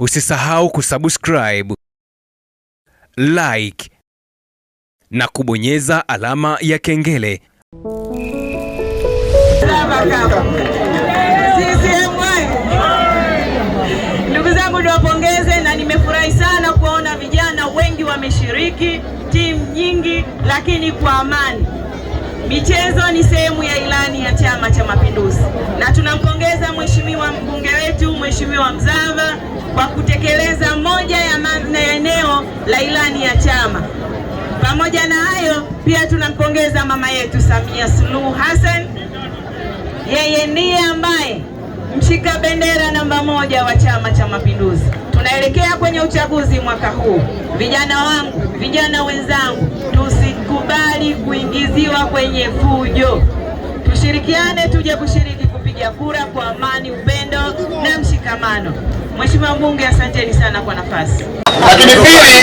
Usisahau kusubscribe, like na kubonyeza alama ya kengele. Ndugu zangu, niwapongeze na nimefurahi sana kuwaona vijana wengi wameshiriki, timu nyingi, lakini kwa amani. Michezo ni sehemu la ilani ya chama. Pamoja na hayo, pia tunampongeza mama yetu Samia Suluhu Hassan, yeye ndiye ambaye mshika bendera namba moja wa Chama cha Mapinduzi. Tunaelekea kwenye uchaguzi mwaka huu. Vijana wangu, vijana wenzangu, tusikubali kuingiziwa kwenye fujo, tushirikiane, tuje kushiriki kupiga kura kwa tano. Mheshimiwa Mbunge, asanteni sana kwa nafasi. Lakini pili,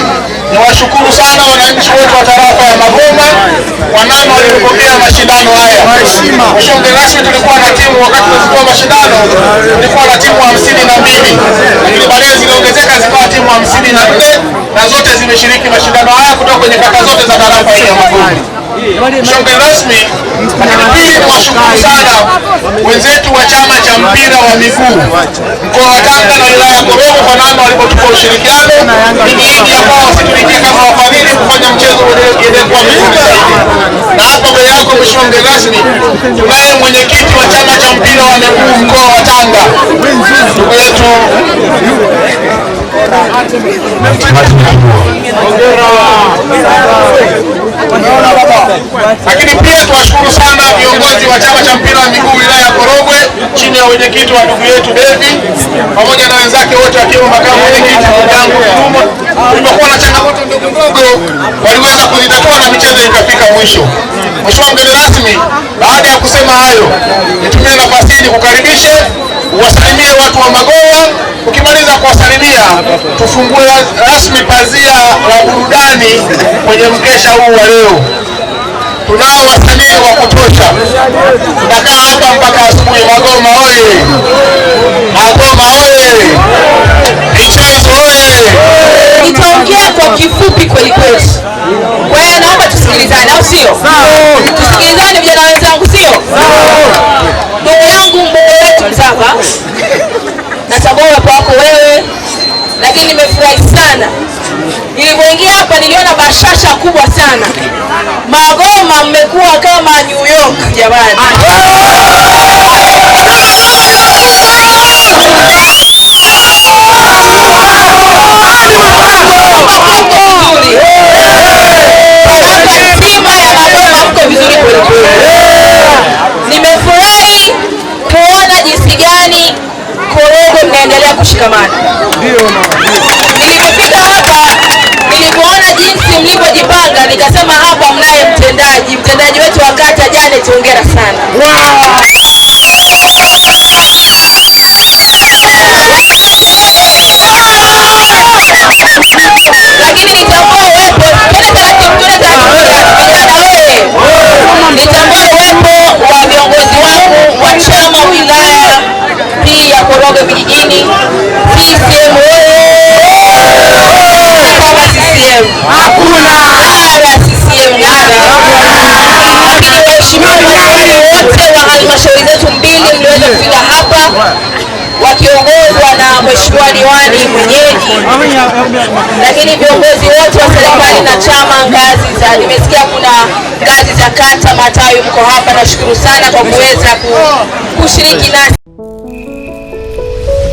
niwashukuru sana wananchi wote wa tarafa ya Magoma kwa namna walivyopokea mashindano haya. Mheshimiwa mgeni rasmi, tulikuwa na timu wakati tulikuwa mashindano tulikuwa na timu hamsini na mbili lakini baadaye ziliongezeka zikawa timu hamsini na nne na zote zimeshiriki mashindano haya kutoka kwenye kata zote za tarafa hii ya Magoma. Msonge rasmi, lakini kuwashukuru sana wenzetu wa chama cha mpira wa miguu mkoa wa Tanga na wilaya ya Korogwe kwa namna walipotupa ushirikiano ikiingi ambao wasituitie kwa wafadhili kufanya mchezo uendelee kwa Na hapa mbele yako mheshimiwa mgeni rasmi, tunaye mwenyekiti wa chama cha mpira wa miguu mkoa wa Tanga ndugu yetu Hongera. Lakini pia tuwashukuru sana viongozi wa chama cha mpira wa miguu wilaya ya Korogwe chini ya wenyekiti wa ndugu yetu Devi pamoja na wenzake wote wakiwemo makamu mwenyekiti dangu Kudumo. Tulipokuwa na changamoto ndogo ndogo waliweza kuzitatua na michezo ikafika mwisho. Mheshimiwa mgeni rasmi, baada ya kusema hayo, nitumie nafasi hii kukaribishe uwasalimie watu wa Magoha. Ukimaliza kuwasalimia, tufungue rasmi pazia la burudani kwenye mkesha huu wa leo tunao wasanii wa kutosha, tutakaa hapa mpaka asubuhi. Magoma oye! Magoma oye! Michezo oye! Nitaongea kwa kifupi kweli kweli. Kwa hiyo naomba tusikilizane, au sio? Tusikilizane vijana wenzangu, sio? sana. Nilipoingia hapa niliona bashasha kubwa sana. Magoma mmekuwa kama New York jamani. Hongera sana. Wow. Mheshimiwa diwani mwenyeji, lakini viongozi wote wa serikali na chama ngazi za, nimesikia kuna ngazi za kata, matawi, mko hapa. Nashukuru sana kwa kuweza kushiriki nasi.